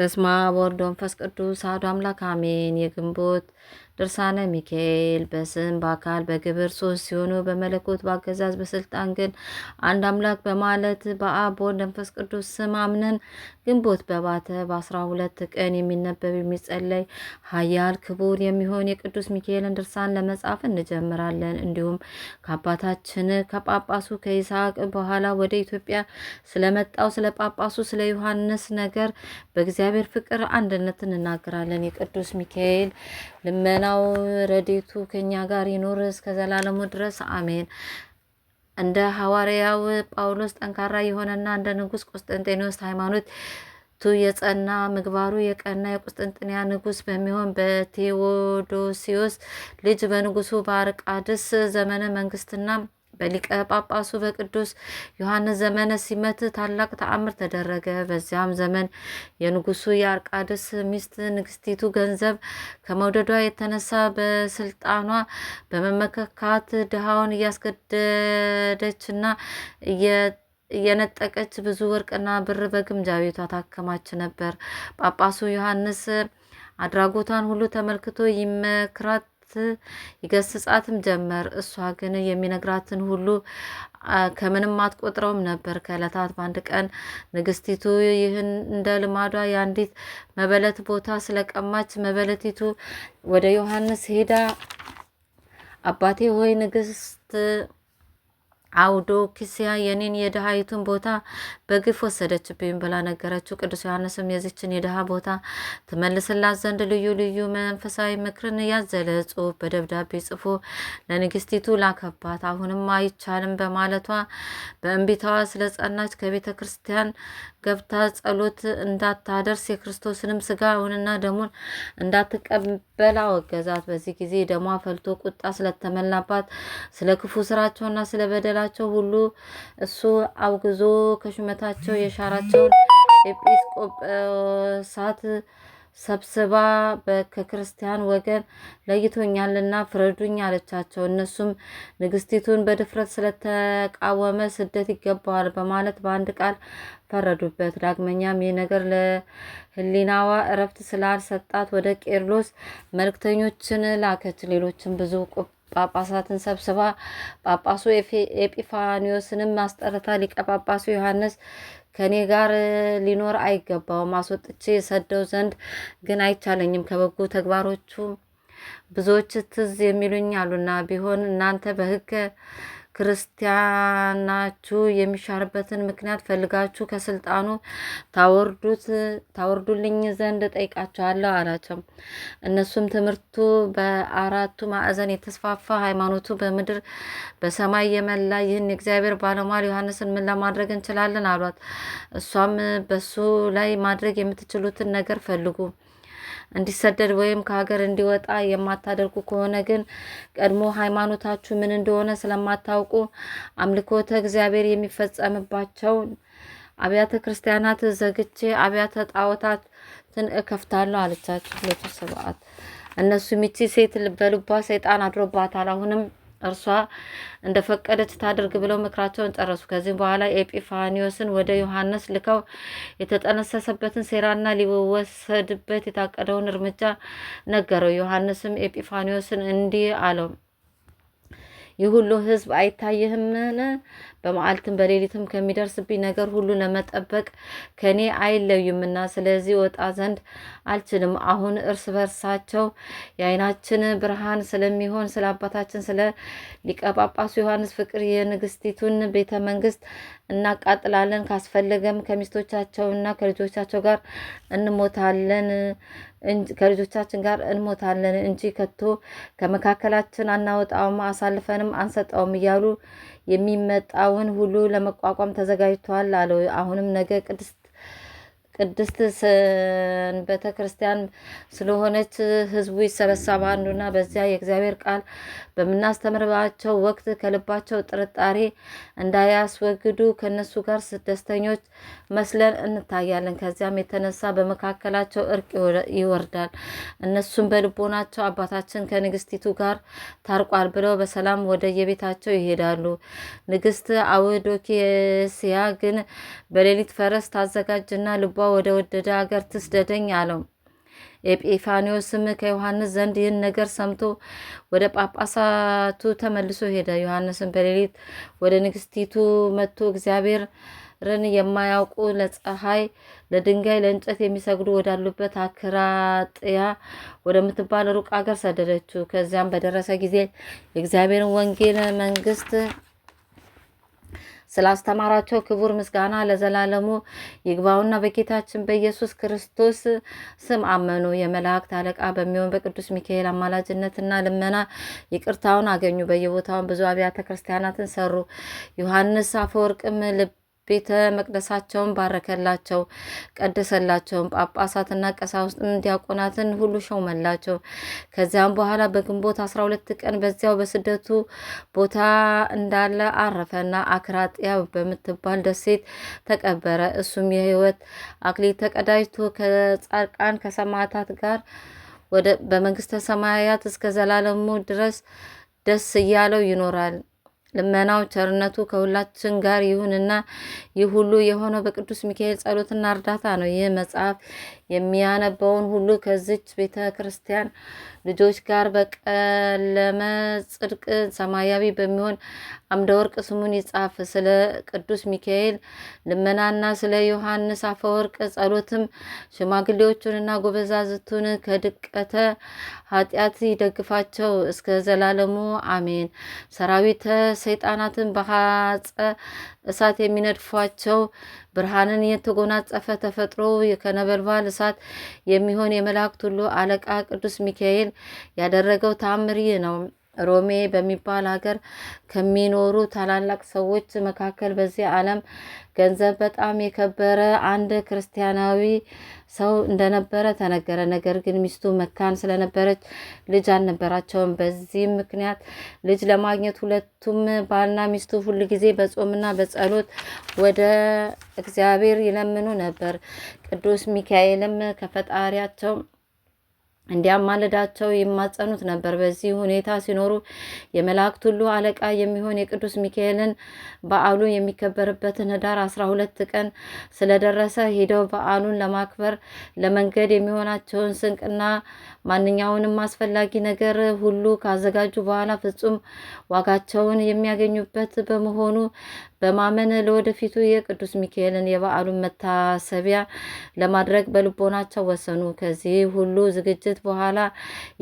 በስመ አብ ወወልድ ወመንፈስ ቅዱስ አሐዱ አምላክ አሜን። የግንቦት ድርሳነ ሚካኤል በስም በአካል በግብር ሶስት ሲሆኑ በመለኮት በአገዛዝ በስልጣን ግን አንድ አምላክ በማለት በአብ በወልድ መንፈስ ቅዱስ ስም አምነን ግንቦት በባተ በአስራ ሁለት ቀን የሚነበብ የሚጸለይ ኃያል ክቡር የሚሆን የቅዱስ ሚካኤልን ድርሳን ለመጻፍ እንጀምራለን። እንዲሁም ከአባታችን ከጳጳሱ ከይስሐቅ በኋላ ወደ ኢትዮጵያ ስለመጣው ስለ ጳጳሱ ስለ ዮሐንስ ነገር በእግዚአብሔር ፍቅር አንድነት እንናገራለን። የቅዱስ ሚካኤል ልመናው ረዴቱ ከኛ ጋር ይኖር እስከ ዘላለሙ ድረስ አሜን። እንደ ሐዋርያው ጳውሎስ ጠንካራ የሆነና እንደ ንጉሥ ቆስጠንጤኖስ ሃይማኖት ቱ የጸና ምግባሩ የቀና የቁስጥንጥንያ ንጉስ በሚሆን በቴዎዶሲዮስ ልጅ በንጉሱ በአርቃድስ ዘመነ መንግስትና በሊቀ ጳጳሱ በቅዱስ ዮሐንስ ዘመነ ሲመት ታላቅ ተአምር ተደረገ። በዚያም ዘመን የንጉሱ የአርቃድስ ሚስት ንግስቲቱ ገንዘብ ከመውደዷ የተነሳ በስልጣኗ በመመከካት ድሃውን እያስገደደችና እየነጠቀች ብዙ ወርቅና ብር በግምጃ ቤቷ ታከማች ነበር። ጳጳሱ ዮሐንስ አድራጎቷን ሁሉ ተመልክቶ ይመክራት ይገስጻትም ጀመር። እሷ ግን የሚነግራትን ሁሉ ከምንም አትቆጥረውም ነበር። ከእለታት በአንድ ቀን ንግስቲቱ ይህን እንደ ልማዷ የአንዲት መበለት ቦታ ስለቀማች መበለቲቱ ወደ ዮሐንስ ሄዳ አባቴ ሆይ ንግስት አውዶክስያ የኔን የድሃይቱን ቦታ በግፍ ወሰደችብኝ ብላ ነገረችው። ቅዱስ ዮሐንስም የዚችን የድሃ ቦታ ትመልስላት ዘንድ ልዩ ልዩ መንፈሳዊ ምክርን ያዘለ ጽሑፍ በደብዳቤ ጽፎ ለንግስቲቱ ላከባት። አሁንም አይቻልም በማለቷ በእንቢታዋ ስለጸናች ከቤተ ክርስቲያን ገብታ ጸሎት እንዳታደርስ የክርስቶስንም ስጋውንና ደሙን እንዳትቀበል አወገዛት። በዚህ ጊዜ ደሟ ፈልቶ ቁጣ ስለተመላባት ስለ ክፉ ስራቸውና ስለ በደላቸው ሁሉ እሱ አውግዞ ከሹመ በሹመታቸው የሻራቸውን ኤጲስቆጶሳት ሰብስባ ከክርስቲያን ወገን ለይቶኛልና ፍረዱኝ አለቻቸው። እነሱም ንግስቲቱን በድፍረት ስለተቃወመ ስደት ይገባዋል በማለት በአንድ ቃል ፈረዱበት። ዳግመኛም ይህ ነገር ለህሊናዋ እረፍት ስላልሰጣት ወደ ቄርሎስ መልክተኞችን ላከች። ሌሎችን ብዙ ጳጳሳትን ሰብስባ ጳጳሱ ኤጲፋኒዮስንም አስጠርታ ሊቀ ጳጳሱ ዮሐንስ ከእኔ ጋር ሊኖር አይገባውም፣ አስወጥቼ የሰደው ዘንድ ግን አይቻለኝም። ከበጎ ተግባሮቹ ብዙዎች ትዝ የሚሉኝ አሉና ቢሆን እናንተ በሕገ ክርስቲያናችሁ የሚሻርበትን ምክንያት ፈልጋችሁ ከስልጣኑ ታወርዱት ታወርዱልኝ ዘንድ ጠይቃችኋለሁ አላቸው። እነሱም ትምህርቱ በአራቱ ማዕዘን የተስፋፋ ሃይማኖቱ በምድር በሰማይ የመላ ይህን የእግዚአብሔር ባለሟል ዮሐንስን ምን ለማድረግ እንችላለን አሏት። እሷም በሱ ላይ ማድረግ የምትችሉትን ነገር ፈልጉ እንዲሰደድ ወይም ከሀገር እንዲወጣ የማታደርጉ ከሆነ ግን ቀድሞ ሃይማኖታችሁ ምን እንደሆነ ስለማታውቁ አምልኮተ እግዚአብሔር የሚፈጸምባቸው አብያተ ክርስቲያናት ዘግቼ አብያተ ጣዖታትን እከፍታለሁ አለቻቸው። ሰብአት እነሱ ሚቺ ሴት በልቧ ሰይጣን አድሮባታል አሁንም እርሷ እንደፈቀደች ታደርግ ብለው ምክራቸውን ጨረሱ። ከዚህም በኋላ ኤጲፋኒዮስን ወደ ዮሐንስ ልከው የተጠነሰሰበትን ሴራና ሊወሰድበት የታቀደውን እርምጃ ነገረው። ዮሐንስም ኤጲፋኒዮስን እንዲህ አለው። ይህ ሁሉ ህዝብ አይታይህምን? በመዓልትም በሌሊትም ከሚደርስብኝ ነገር ሁሉ ለመጠበቅ ከኔ አይለዩምና ስለዚህ ወጣ ዘንድ አልችልም። አሁን እርስ በርሳቸው የአይናችን ብርሃን ስለሚሆን ስለ አባታችን ስለ ሊቀጳጳሱ ዮሐንስ ፍቅር የንግስቲቱን ቤተ መንግስት እናቃጥላለን፣ ካስፈለገም ከሚስቶቻቸውና ከልጆቻቸው ጋር እንሞታለን። ከልጆቻችን ጋር እንሞታለን እንጂ ከቶ ከመካከላችን አናወጣውም አሳልፈንም አንሰጠውም እያሉ የሚመጣውን ሁሉ ለመቋቋም ተዘጋጅተዋል አለው። አሁንም ነገ ቅድስት ቅድስት ቤተ ክርስቲያን ስለሆነች ህዝቡ ይሰበሰባል አንዱና በዚያ የእግዚአብሔር ቃል በምናስተምርባቸው ወቅት ከልባቸው ጥርጣሬ እንዳያስወግዱ ከነሱ ጋር ደስተኞች መስለን እንታያለን። ከዚያም የተነሳ በመካከላቸው እርቅ ይወርዳል። እነሱም በልቦናቸው አባታችን ከንግስቲቱ ጋር ታርቋል ብለው በሰላም ወደ የቤታቸው ይሄዳሉ። ንግስት አውዶኬስያ ግን በሌሊት ፈረስ ታዘጋጅና ልቧ ወደ ወደደ አገር ትስደደኝ አለው። ኤጲፋኒዎስም ከዮሐንስ ዘንድ ይህን ነገር ሰምቶ ወደ ጳጳሳቱ ተመልሶ ሄደ። ዮሐንስም በሌሊት ወደ ንግስቲቱ መጥቶ እግዚአብሔርን የማያውቁ ለፀሐይ፣ ለድንጋይ፣ ለእንጨት የሚሰግዱ ወዳሉበት አክራጥያ ወደምትባል ሩቅ አገር ሰደደችው። ከዚያም በደረሰ ጊዜ የእግዚአብሔርን ወንጌል መንግስት ስላስተማራቸው ክቡር ምስጋና ለዘላለሙ ይግባውና በጌታችን በኢየሱስ ክርስቶስ ስም አመኑ። የመላእክት አለቃ በሚሆን በቅዱስ ሚካኤል አማላጅነትና ልመና ይቅርታውን አገኙ። በየቦታውን ብዙ አብያተ ክርስቲያናትን ሰሩ። ዮሐንስ አፈወርቅም ልብ ቤተ መቅደሳቸውን ባረከላቸው፣ ቀደሰላቸውም። ጳጳሳትና ቀሳውስትን ዲያቆናትን ሁሉ ሾመላቸው። ከዚያም በኋላ በግንቦት አስራ ሁለት ቀን በዚያው በስደቱ ቦታ እንዳለ አረፈና አክራጥያ በምትባል ደሴት ተቀበረ። እሱም የህይወት አክሊል ተቀዳጅቶ ከጻድቃን ከሰማዕታት ጋር ወደ በመንግስተ ሰማያት እስከ ዘላለሙ ድረስ ደስ እያለው ይኖራል። ልመናው ቸርነቱ ከሁላችን ጋር ይሁንና ይህ ሁሉ የሆነው በቅዱስ ሚካኤል ጸሎትና እርዳታ ነው። ይህ መጽሐፍ የሚያነበውን ሁሉ ከዚች ቤተ ክርስቲያን ልጆች ጋር በቀለመ ጽድቅ ሰማያዊ በሚሆን አምደ ወርቅ ስሙን ይጻፍ። ስለ ቅዱስ ሚካኤል ልመናና ስለ ዮሐንስ አፈወርቅ ጸሎትም ሽማግሌዎቹንና ጎበዛዝቱን ከድቀተ ኃጢአት ይደግፋቸው እስከ ዘላለሙ አሜን። ሰራዊተ ሰይጣናትን በሐፀ እሳት የሚነድፏቸው ብርሃንን የተጎናጸፈ ተፈጥሮ ከነበልባል እሳት የሚሆን የመላእክት ሁሉ አለቃ ቅዱስ ሚካኤል ያደረገው ታምር ይህ ነው። ሮሜ በሚባል ሀገር ከሚኖሩ ታላላቅ ሰዎች መካከል በዚህ ዓለም ገንዘብ በጣም የከበረ አንድ ክርስቲያናዊ ሰው እንደነበረ ተነገረ። ነገር ግን ሚስቱ መካን ስለነበረች ልጅ አልነበራቸውም። በዚህም ምክንያት ልጅ ለማግኘት ሁለቱም ባልና ሚስቱ ሁል ጊዜ በጾምና በጸሎት ወደ እግዚአብሔር ይለምኑ ነበር። ቅዱስ ሚካኤልም ከፈጣሪያቸው ማለዳቸው ይማጸኑት ነበር። በዚህ ሁኔታ ሲኖሩ የመላእክት ሁሉ አለቃ የሚሆን የቅዱስ ሚካኤልን በዓሉ የሚከበርበትን ህዳር አስራ ሁለት ቀን ስለደረሰ ሄደው በዓሉን ለማክበር ለመንገድ የሚሆናቸውን ስንቅና ማንኛውንም አስፈላጊ ነገር ሁሉ ካዘጋጁ በኋላ ፍጹም ዋጋቸውን የሚያገኙበት በመሆኑ በማመን ለወደፊቱ የቅዱስ ሚካኤልን የበዓሉን መታሰቢያ ለማድረግ በልቦናቸው ወሰኑ። ከዚህ ሁሉ ዝግጅት ካደረጉት በኋላ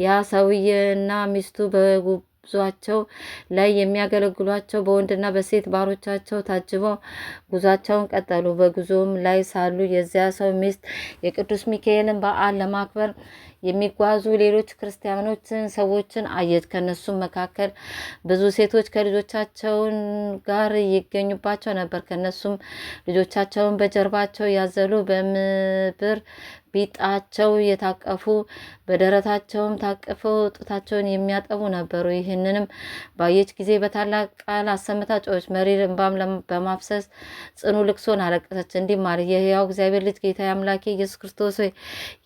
ያ ሰውዬና ሚስቱ በጉዟቸው ላይ የሚያገለግሏቸው በወንድና በሴት ባሮቻቸው ታጅበው ጉዟቸውን ቀጠሉ። በጉዞም ላይ ሳሉ የዚያ ሰው ሚስት የቅዱስ ሚካኤልን በዓል ለማክበር የሚጓዙ ሌሎች ክርስቲያኖችን ሰዎችን አየች። ከነሱም መካከል ብዙ ሴቶች ከልጆቻቸውን ጋር ይገኙባቸው ነበር። ከነሱም ልጆቻቸውን በጀርባቸው ያዘሉ በምብር ቢጣቸው የታቀፉ በደረታቸውም ታቅፈው ጡታቸውን የሚያጠቡ ነበሩ። ይህንንም ባየች ጊዜ በታላቅ ቃል አሰምታ ጮኸች፣ መሪር እንባም በማፍሰስ ጽኑ ልቅሶን አለቀሰች። እንዲህ ማለት የህያው እግዚአብሔር ልጅ ጌታ አምላኬ ኢየሱስ ክርስቶስ ሆይ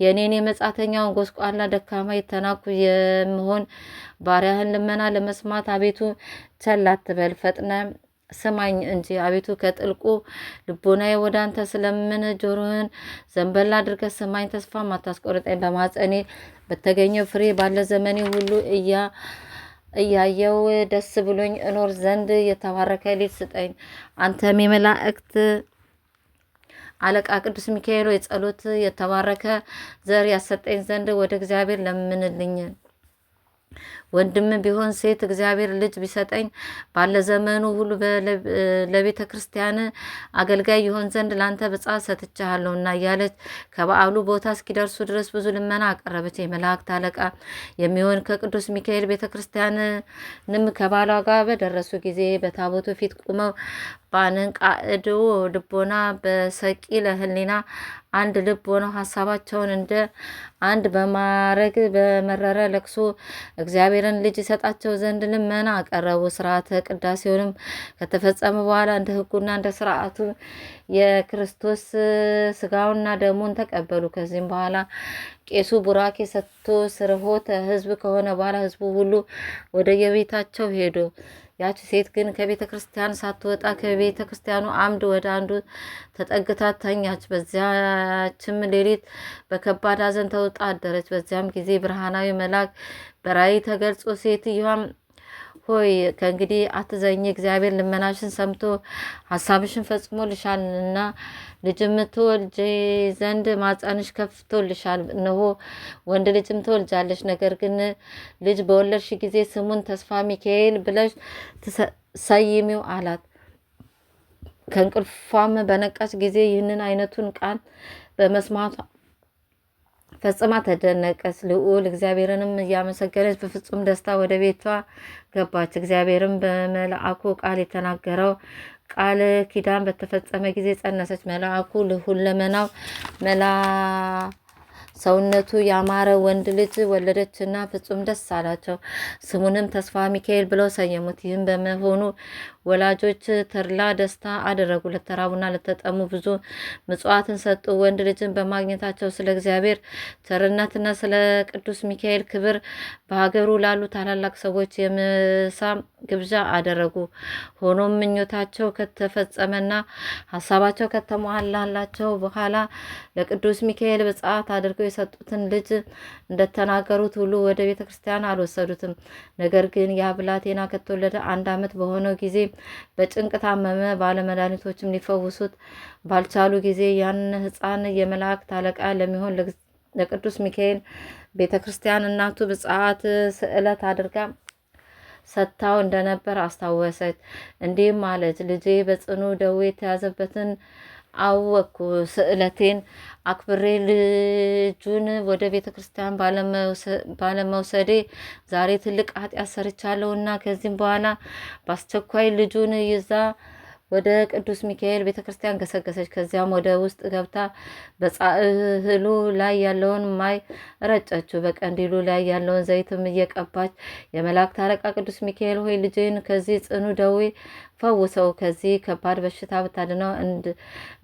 የእኔን የመጻተኛውን ጎስቋላ ደካማ የተናኩ የምሆን ባሪያህን ልመና ለመስማት አቤቱ ቸል አትበል ፈጥነ ስማኝ እንጂ አቤቱ ከጥልቁ ልቦናዬ ወደ አንተ ስለምን ጆሮህን ዘንበል አድርገህ ስማኝ፣ ተስፋ አታስቆርጠኝ። በማጸኔ በተገኘው ፍሬ ባለ ዘመኔ ሁሉ እያ እያየው ደስ ብሎኝ እኖር ዘንድ የተባረከ ልጅ ስጠኝ። አንተም የመላእክት አለቃ ቅዱስ ሚካኤል የጸሎት የተባረከ ዘር ያሰጠኝ ዘንድ ወደ እግዚአብሔር ለምንልኝ። ወንድም ቢሆን ሴት እግዚአብሔር ልጅ ቢሰጠኝ ባለ ዘመኑ ሁሉ ለቤተ ክርስቲያን አገልጋይ ይሆን ዘንድ ላንተ ብፅዓት እና እያለች ከበዓሉ ቦታ እስኪደርሱ ድረስ ብዙ ልመና አቀረበች። የመላእክት አለቃ የሚሆን ከቅዱስ ሚካኤል ቤተ ክርስቲያንም ከባሏ ጋር በደረሱ ጊዜ በታቦቱ ፊት ቁመው በአንቃዕድው ልቦና በሰቂ ለህሊና አንድ ልብ ሆነው ሀሳባቸውን እንደ አንድ በማረግ በመረረ ለቅሶ እግዚአብሔርን ልጅ ይሰጣቸው ዘንድ ልመና አቀረቡ። ስርዓተ ቅዳሴውንም ከተፈጸመ በኋላ እንደ ህጉና እንደ ስርዓቱ የክርስቶስ ስጋውና ደሙን ተቀበሉ። ከዚህም በኋላ ቄሱ ቡራኬ ሰጥቶ ስርሆተ ህዝብ ከሆነ በኋላ ህዝቡ ሁሉ ወደ የቤታቸው ሄዱ። ያች ሴት ግን ከቤተ ክርስቲያን ሳትወጣ ከቤተ ክርስቲያኑ አምድ ወደ አንዱ ተጠግታ ተኛች። በዚያችም ሌሊት በከባድ ሐዘን ተውጣ አደረች። በዚያም ጊዜ ብርሃናዊ መልአክ በራእይ ተገልጾ ሴትዮዋም ሆይ ከእንግዲህ አትዘኝ፣ እግዚአብሔር ልመናሽን ሰምቶ ሀሳብሽን ፈጽሞልሻልና ልጅም ትወልጅ ዘንድ ማኅፀንሽ ከፍቶልሻል። እነሆ ወንድ ልጅም ትወልጃለሽ። ነገር ግን ልጅ በወለድሽ ጊዜ ስሙን ተስፋ ሚካኤል ብለሽ ሰይሚው አላት። ከእንቅልፏም በነቃች ጊዜ ይህንን አይነቱን ቃል በመስማቷ ፈጽማ ተደነቀች። ልዑል እግዚአብሔርንም እያመሰገነች በፍጹም ደስታ ወደ ቤቷ ገባች። እግዚአብሔርም በመልአኩ ቃል የተናገረው ቃል ኪዳን በተፈጸመ ጊዜ ጸነሰች። መልአኩ ለሁለመናው መላ ሰውነቱ ያማረ ወንድ ልጅ ወለደች ወለደችና ፍጹም ደስ አላቸው። ስሙንም ተስፋ ሚካኤል ብለው ሰየሙት። ይህም በመሆኑ ወላጆች ተድላ ደስታ አደረጉ። ለተራቡና ለተጠሙ ብዙ ምጽዋትን ሰጡ። ወንድ ልጅን በማግኘታቸው ስለ እግዚአብሔር ቸርነትና ስለ ቅዱስ ሚካኤል ክብር በሀገሩ ላሉ ታላላቅ ሰዎች የምሳ ግብዣ አደረጉ። ሆኖም ምኞታቸው ከተፈጸመና ሀሳባቸው ከተሟላላቸው በኋላ ለቅዱስ ሚካኤል በጽዓት አድርገው የሰጡትን ልጅ እንደተናገሩት ሁሉ ወደ ቤተ ክርስቲያን አልወሰዱትም። ነገር ግን ያ ብላቴና ከተወለደ አንድ ዓመት በሆነው ጊዜ በጭንቅ ታመመ። ባለመድኃኒቶችም ሊፈውሱት ባልቻሉ ጊዜ ያን ሕፃን የመላእክት አለቃ ለሚሆን ለቅዱስ ሚካኤል ቤተ ክርስቲያን እናቱ ብጽዓት ስዕለት አድርጋ ሰጥታው እንደነበር አስታወሰች። እንዲህም አለች፣ ልጄ በጽኑ ደዌ የተያዘበትን አወቅኩ። ስዕለቴን አክብሬ ልጁን ወደ ቤተ ክርስቲያን ባለመውሰዴ ዛሬ ትልቅ ኃጢአት ሰርቻለሁና ከዚህም በኋላ በአስቸኳይ ልጁን ይዛ ወደ ቅዱስ ሚካኤል ቤተ ክርስቲያን ገሰገሰች። ከዚያም ወደ ውስጥ ገብታ በጻእህሉ ላይ ያለውን ማይ ረጨችው፣ በቀንዲሉ ላይ ያለውን ዘይትም እየቀባች የመላእክት አለቃ ቅዱስ ሚካኤል ሆይ ልጅን ከዚህ ጽኑ ደዌ ፈውሰው፣ ከዚህ ከባድ በሽታ ብታድነው፣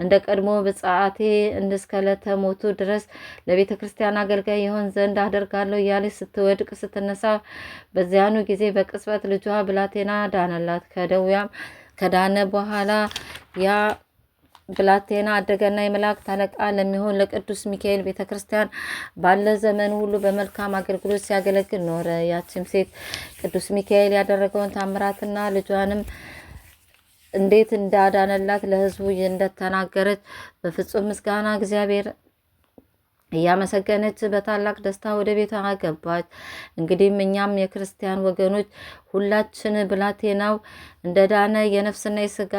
እንደ ቀድሞ ብጻአቴ እንድስከለተ ሞቱ ድረስ ለቤተ ክርስቲያን አገልጋይ የሆን ዘንድ አደርጋለሁ እያለች ስትወድቅ ስትነሳ፣ በዚያኑ ጊዜ በቅጽበት ልጇ ብላቴና ዳነላት ከደዌያም ከዳነ በኋላ ያ ብላቴና አደገና የመላእክት አለቃ ለሚሆን ለቅዱስ ሚካኤል ቤተ ክርስቲያን ባለ ዘመን ሁሉ በመልካም አገልግሎት ሲያገለግል ኖረ። ያችም ሴት ቅዱስ ሚካኤል ያደረገውን ታምራትና ልጇንም እንዴት እንዳዳነላት ለሕዝቡ እንደተናገረች በፍጹም ምስጋና እግዚአብሔር እያመሰገነች በታላቅ ደስታ ወደ ቤቷ ገባች። እንግዲህም እኛም የክርስቲያን ወገኖች ሁላችን ብላቴናው እንደዳነ የነፍስና የስጋ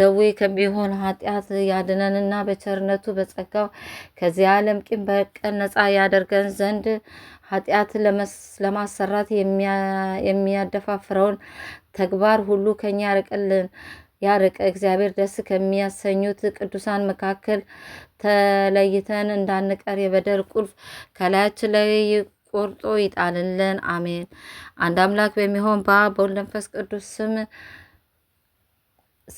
ደዌ ከሚሆን ኃጢአት ያድነንና በቸርነቱ በጸጋው ከዚህ ዓለም ቂም በቀል ነፃ ያደርገን ዘንድ ኃጢአት ለማሰራት የሚያደፋፍረውን ተግባር ሁሉ ከኛ ያርቅልን ያርቅ። እግዚአብሔር ደስ ከሚያሰኙት ቅዱሳን መካከል ተለይተን እንዳንቀር የበደል ቁልፍ ከላያችን ላይ ቆርጦ ይጣልልን። አሜን። አንድ አምላክ በሚሆን በአብ በወልድ በመንፈስ ቅዱስ ስም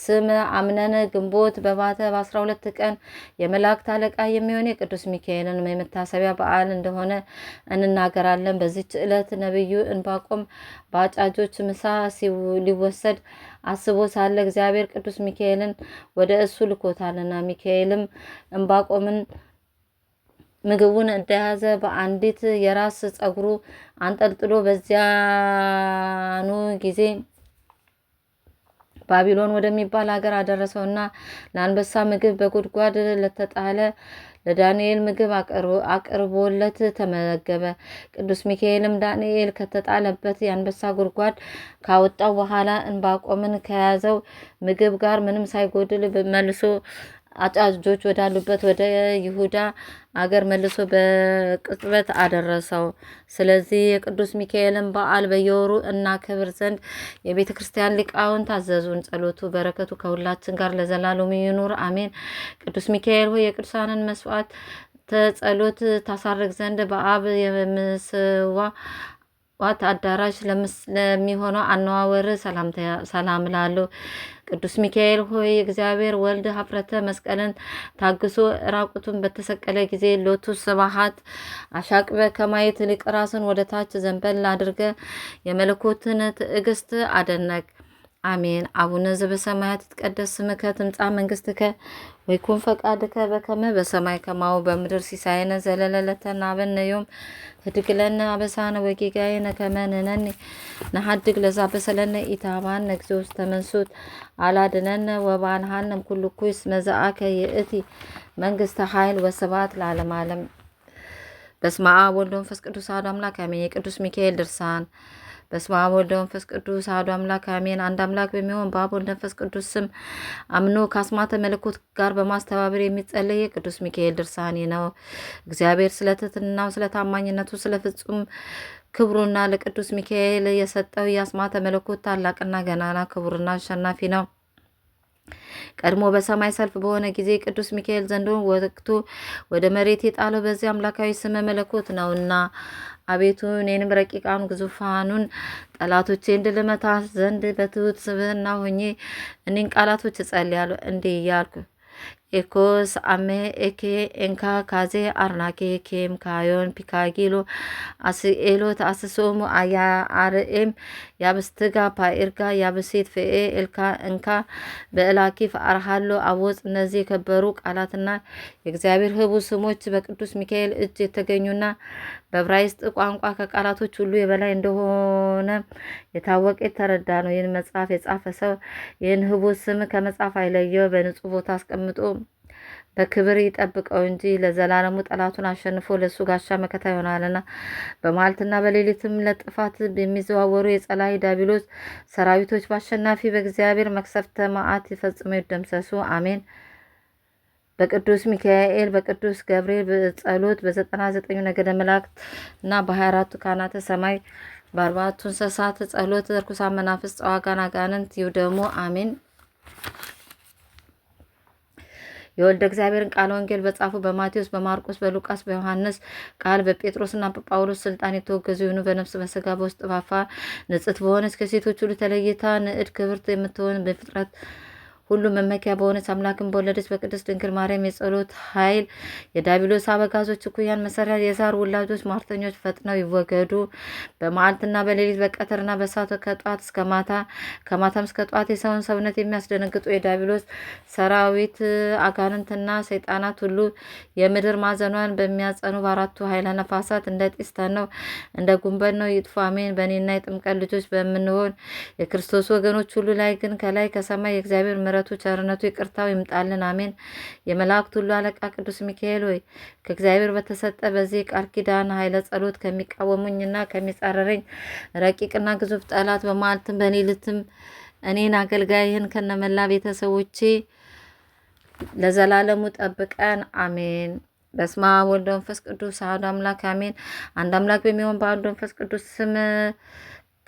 ስም አምነን ግንቦት በባተ በ ሁለት ቀን የመላእክት አለቃ የሚሆን የቅዱስ ሚካኤልን የመታሰቢያ በዓል እንደሆነ እንናገራለን። በዚች ዕለት ነቢዩ እንባቆም በአጫጆች ምሳ ሊወሰድ አስቦ ሳለ እግዚአብሔር ቅዱስ ሚካኤልን ወደ እሱ ልኮታልና ሚካኤልም እምባቆምን ምግቡን እንደያዘ በአንዲት የራስ ጸጉሩ አንጠልጥሎ በዚያኑ ጊዜ ባቢሎን ወደሚባል ሀገር አደረሰውና ለአንበሳ ምግብ በጉድጓድ ለተጣለ ለዳንኤል ምግብ አቅርቦለት ተመገበ። ቅዱስ ሚካኤልም ዳንኤል ከተጣለበት የአንበሳ ጉድጓድ ካወጣው በኋላ እንባቆምን ከያዘው ምግብ ጋር ምንም ሳይጎድል መልሶ አጫጆች ወዳሉበት ወደ ይሁዳ አገር መልሶ በቅጽበት አደረሰው። ስለዚህ የቅዱስ ሚካኤልን በዓል በየወሩ ክብር ዘንድ የቤተ ክርስቲያን ሊቃውንት አዘዙን። ጸሎቱ በረከቱ ከሁላችን ጋር ለዘላለሙ ይኑር አሜን። ቅዱስ ሚካኤል ሆይ የቅዱሳንን መስዋዕት ተጸሎት ታሳርግ ዘንድ በአብ የምስዋ ዋት አዳራሽ ለሚሆነው አነዋወር ሰላም ላሉ ቅዱስ ሚካኤል ሆይ እግዚአብሔር ወልድ ሀፍረተ መስቀልን ታግሶ ራቁቱን በተሰቀለ ጊዜ ሎቱ ስብሐት አሻቅበ ከማየት ይልቅ ራስን ወደ ታች ዘንበል አድርገ የመለኮትን ትዕግስት አደነቅ። አሜን። አቡነ ዘበሰማያት ይትቀደስ ስምከ ትምጻእ መንግስትከ ወይኩን ፈቃድከ በከመ በሰማይ ከማሁ በምድር ሲሳየነ ዘለለለተና ሀበነ ዮም ህድግ ለነ አበሳነ ወጌጋየነ ከመ ንሕነኒ ንሐድግ ለዘአበሰለነ ኢታባን እግዚኦ ውስተ መንሱት አላድነነ ወባንሃነ እምኩሉ ኩይ እስመ ዘአከ ይእቲ መንግስተ ኃይል ወስብሐት ለዓለመ ዓለም። በስመ አብ ወወልድ ወመንፈስ ቅዱስ አሐዱ አምላክ አሜን። የቅዱስ ሚካኤል ድርሳን በስመ አብ መንፈስ ቅዱስ አሐዱ አምላክ አሜን። አንድ አምላክ በሚሆን በአብ ወልድ መንፈስ ቅዱስ ስም አምኖ ከአስማተ መለኮት ጋር በማስተባበር የሚጸለይ የቅዱስ ሚካኤል ድርሳኔ ነው። እግዚአብሔር ስለ ትህትናው፣ ስለ ታማኝነቱ፣ ስለ ፍጹም ክብሩና ለቅዱስ ሚካኤል የሰጠው የአስማተ መለኮት ታላቅና ገናና ክቡርና አሸናፊ ነው። ቀድሞ በሰማይ ሰልፍ በሆነ ጊዜ ቅዱስ ሚካኤል ዘንዶን ወቅቱ ወደ መሬት የጣለው በዚህ አምላካዊ ስመ መለኮት ነውና አቤቱ እኔንም ረቂቃን ግዙፋኑን ጠላቶቼ እንድልመታ ዘንድ በትሁት ስብህና ሆኜ እኔን ቃላቶች እጸልያለሁ እንዲህ እያልኩ ኤኮስ አሜ ኤኬ ኤንካ ካዜ አርናኬ ኬም ካዮን ፒካጊሎ አስኤሎት አስሶሙ አያ አርኤም ያብስትጋ ፓኤርጋ ያብሴት ፍኤ ኤልካ እንካ በእላኪፍ አርሃሎ አወፅ እነዚህ የከበሩ ቃላትና የእግዚአብሔር ህቡ ስሞች በቅዱስ ሚካኤል እጅ የተገኙና በዕብራይስጥ ቋንቋ ከቃላቶች ሁሉ የበላይ እንደሆነ የታወቀ የተረዳ ነው። ይህን መጽሐፍ የጻፈ ሰው ይህን ህቡ ስም ከመጽሐፍ አይለየው፣ በንጹህ ቦታ አስቀምጦ በክብር ይጠብቀው እንጂ ለዘላለሙ ጠላቱን አሸንፎ ለእሱ ጋሻ መከታ ይሆናልና። በማለትና በሌሊትም ለጥፋት የሚዘዋወሩ የጸላይ ዳቢሎስ ሰራዊቶች በአሸናፊ በእግዚአብሔር መክሰፍተ መዓት ይፈጽመው ይደምሰሱ። አሜን። በቅዱስ ሚካኤል በቅዱስ ገብርኤል ጸሎት በዘጠና ዘጠኙ ነገደ መላእክት እና በሀያ አራቱ ካህናተ ሰማይ በአርባቱ እንስሳት ጸሎት ርኩሳን መናፍስ ጸዋጋን አጋንንት ደግሞ አሜን። የወልደ እግዚአብሔርን ቃለ ወንጌል በጻፉ በማቴዎስ፣ በማርቆስ፣ በሉቃስ፣ በዮሐንስ ቃል በጴጥሮስና በጳውሎስ ስልጣን የተወገዙ ይሁኑ። በነፍስ በስጋ በውስጥ ባፋ ንጽሕት በሆነች ከሴቶች ሁሉ ተለይታ ንዕድ ክብርት የምትሆን በፍጥረት ሁሉ መመኪያ በሆነች አምላክን በወለደች በቅድስት ድንግል ማርያም የጸሎት ኃይል የዳቢሎስ አበጋዞች፣ እኩያን መሰሪያ፣ የዛር ውላጆች፣ ማርተኞች ፈጥነው ይወገዱ። በመዓልትና በሌሊት በቀትርና በሳቶ ከጠዋት እስከ ማታ ከማታም እስከ ጠዋት የሰውን ሰውነት የሚያስደነግጡ የዳቢሎስ ሰራዊት አጋንንትና ሰይጣናት ሁሉ የምድር ማዘኗን በሚያጸኑ በአራቱ ኃይለ ነፋሳት እንደ ጢስተን ነው እንደ ጉንበን ነው ይጥፉ። አሜን። በእኔና የጥምቀት ልጆች በምንሆን የክርስቶስ ወገኖች ሁሉ ላይ ግን ከላይ ከሰማይ የእግዚአብሔር ምረ ምሕረቱ ቸርነቱ ይቅርታው ይምጣልን። አሜን። የመላእክት ሁሉ አለቃ ቅዱስ ሚካኤል ሆይ ከእግዚአብሔር በተሰጠ በዚህ ቃል ኪዳን ኃይለ ጸሎት ከሚቃወሙኝና ከሚጻረረኝ ረቂቅና ግዙፍ ጠላት በማልትም በሌሊትም እኔን አገልጋይህን ከነመላ ቤተሰቦቼ ለዘላለሙ ጠብቀን፣ አሜን። በስመ አብ ወወልድ ወመንፈስ ቅዱስ አሐዱ አምላክ አሜን። አንድ አምላክ በሚሆን በአንድ መንፈስ ቅዱስ ስም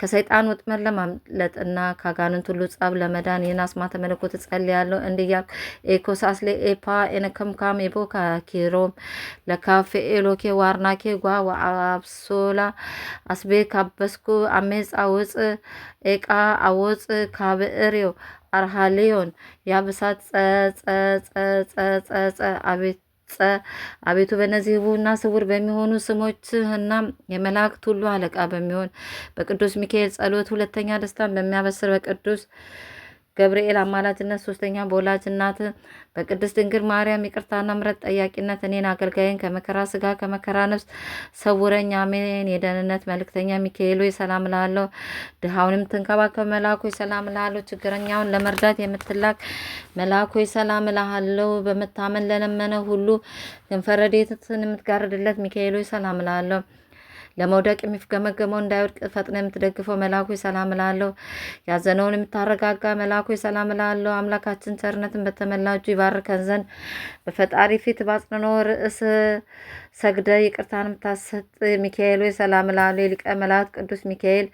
ከሰይጣን ወጥመድ ለማምለጥና ከአጋንንት ሁሉ ጸብ ለመዳን ይህን አስማተ መለኮት እጸልያለሁ። እንዲያል ኤኮሳስሌ ኤፓ ኤነከምካም ኤቦካ ኪሮም ለካፌ ኤሎኬ ዋርናኬ ጓ ወአብሶላ አስቤ ካበስኩ አሜፃ ውፅ ኤቃ አወፅ ካብእሬው አርሃሌዮን ያብሳት ጸጸጸጸጸ አቤት አቤቱ በእነዚህ ሕቡዕና ስውር በሚሆኑ እና የመላእክት ሁሉ አለቃ በሚሆን በቅዱስ ሚካኤል ጸሎት ሁለተኛ ደስታን በሚያበስር በቅዱስ ገብርኤል አማላጅነት፣ ሶስተኛ በወላጅ እናት በቅድስት ድንግል ማርያም ይቅርታና ምረት ጠያቂነት እኔን አገልጋይን ከመከራ ስጋ ከመከራ ነፍስ ሰውረኝ። አሜን። የደህንነት መልእክተኛ ሚካኤሎ ሰላም እልሃለሁ። ድሃውንም ትንከባከብ መልአክ ሰላም ላለው ችግረኛውን ለመርዳት የምትላክ መልአክ ሰላም ላለው በመታመን ለለመነ ሁሉ ክንፈ ረድኤትን የምትጋርድለት ሚካኤሎ ሰላም ላለው ለመውደቅ የሚፍገመገመው እንዳይወድቅ ፈጥነ የምትደግፈው መልአኩ ሰላም እላለሁ። ያዘነውን የምታረጋጋ መልአኩ ሰላም እላለሁ። አምላካችን ቸርነትን በተመላጁ ይባርከን ዘንድ በፈጣሪ ፊት ባጽንኖ ርዕስ ሰግደ ይቅርታን ምታሰጥ ሚካኤል ወይ ሰላም ላሉ የሊቀ መላእክት ቅዱስ ሚካኤል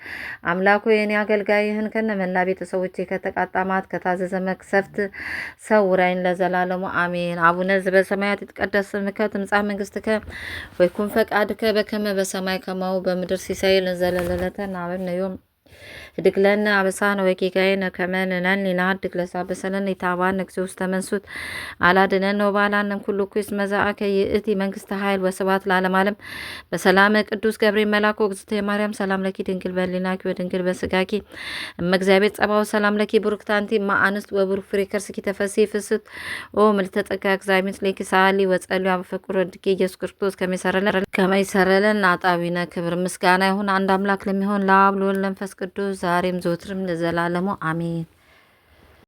አምላኩ ሆይ አገልጋይ ይህን ከነመላ ቤተሰቦቼ ከተቃጣ ማት ከታዘዘ መቅሰፍት ሰውራኝ ለዘላለሙ አሜን። አቡነ ዘበሰማያት ይትቀደስ ስምከ ትምጻእ መንግስትከ ወይኩን ፈቃድከ በከመ በሰማይ ከማሁ በምድር ሲሳይ ለዘለለለተ ናበነ ዮም ድግለነ አበሳነ ወኪጋየነ ከመንነኒ ንአድግ ለሳበሰለኒ ታባን እግዚኦ ውስተ መንሱት አላድነነ ወባላነን ኩሉ ኩስ መዛአከ ይእቲ መንግስተ ኃይል ወስባት ለዓለም ዓለም በሰላም ቅዱስ ገብርኤል መላኩ እግዝእተ ማርያም ሰላም ለኪ ድንግል በሊናኪ ወድንግል በስጋኪ እመ እግዚአብሔር ጸባው ሰላም ለኪ ብሩክት አንቲ እምአንስት ወብሩክ ፍሬ ከርስኪ ተፈሲ ፍስት ኦ ምልዕተ ጸጋ እግዚአብሔር ለኪ ሰአሊ ወጸልዩ አብ ፍቁር ኢየሱስ ክርስቶስ ከመይሰረለን ከመይሰረለን አጣዊነ ክብር ምስጋና ይሁን አንድ አምላክ ለሚሆን ለአብ ለወልድ ለመንፈስ ቅዱስ ቅዱስ ዛሬም ዘወትርም ለዘላለሙ አሜን።